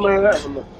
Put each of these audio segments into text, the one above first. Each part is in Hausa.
m a n g g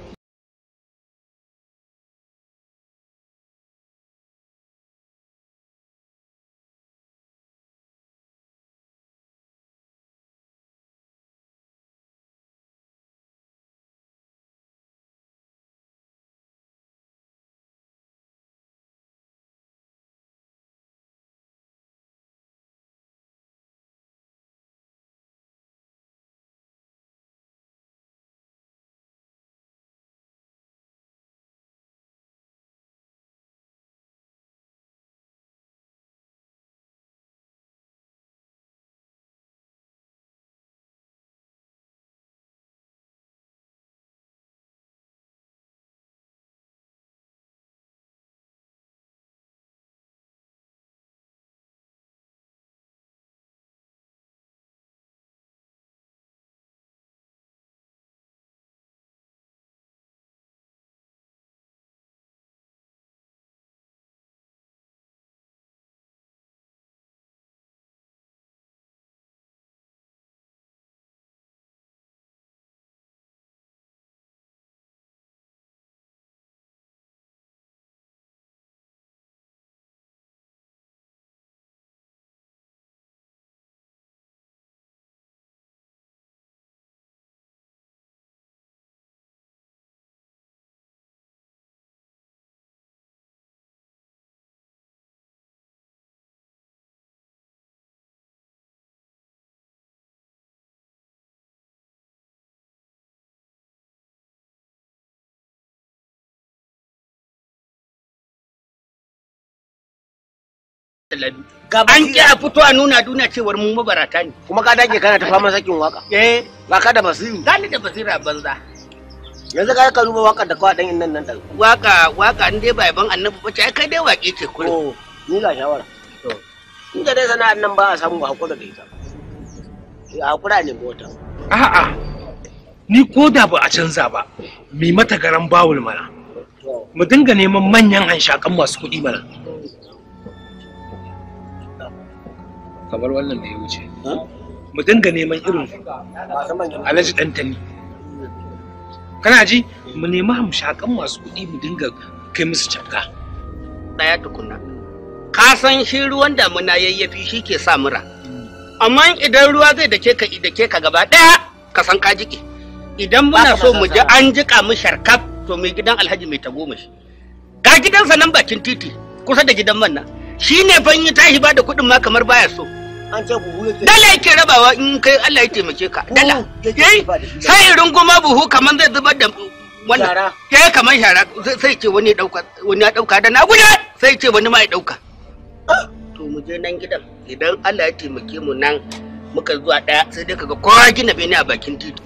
An ki a fito a nuna duniya cewar mu mabarata ne. Kuma ka dage kana ta fama sakin waka. Eh. Ba ka da basiri. Gani da basira banza. Yanzu ka ka duba waka da kawai dan nan nan da. Waka waka in dai ba ban annabi ba ce kai dai wake ce kullum. Oh, ni ga shawara. To. In da dai sana'ar nan ba a samu hakura da ita. Hakura ne mota. A'a. Ni ko da ba a canza ba, mi mata garan bawul mana. Mu dinga neman manyan hanshakan masu kuɗi mana. kamar wannan da ya wuce mu dinga neman irin dan dantani kana ji mu nemi hamshakan masu kuɗi mu dinga kai musu cakka daya tukunna ka san shi ruwan damuna yayyafi shi ke sa mura amma idan ruwa zai dake ka idake ka gaba daya ka san ka jike idan muna so mu ji an jika mu sharkaf to mai gidan alhaji mai tagomashi ga gidansa nan bakin titi kusa da gidan manna shi ne ban tashi ba da kuɗin ma kamar baya so an ce buhu yake dala yake rabawa in kai Allah ya taimake ka eh, dala sai irin goma buhu kamar zai zubar da wannan ya kamar shara eh, sai ce wani dauka wani ya dauka da na guda sai ce wani ma ya dauka to mu je nan gidan idan Allah ya taimake mu nan muka zuwa daya sai dai kaga kowa gina bene a bakin titi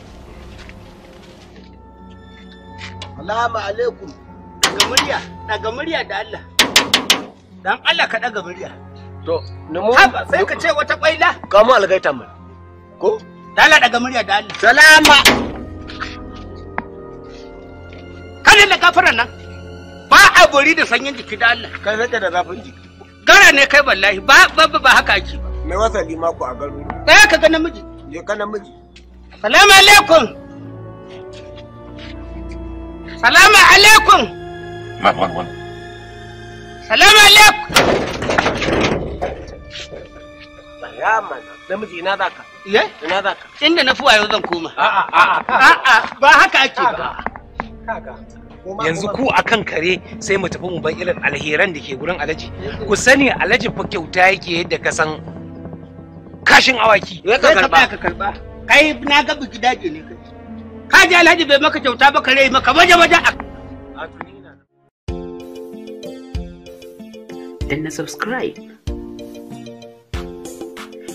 Salamu alaikum daga murya daga murya da Allah dan Allah ka daga murya To, nemo. Haba sai ka ce wata kwaila. Ka mu algaita mun. Ko? Dala daga murya da Allah. Salama. Kanin da kafiran nan. Ba a gori da sanyin jiki da Allah. Kai sai da zafin jiki. Gara ne kai wallahi ba ba ba haka ake ba. Mai wasali mako a garo. Ɗaya ka ga namiji. Je ka namiji. Salamu alaikum. salama alaikum. Salamu alaikum. namiji ina za ka? Ye? Ina za ka? Inda na yau zan koma. A'a, a'a, ba haka ake ba. Kaga. yanzu ku a kan kare sai mu tafi mu bar irin alheran da ke gurin alaji ku sani alaji fa kyauta yake yadda ka san kashin awaki ya ka karba ka karba kai na ga biki daji ne kai ka ji alhaji bai maka kyauta ba kare maka waje waje Dan na subscribe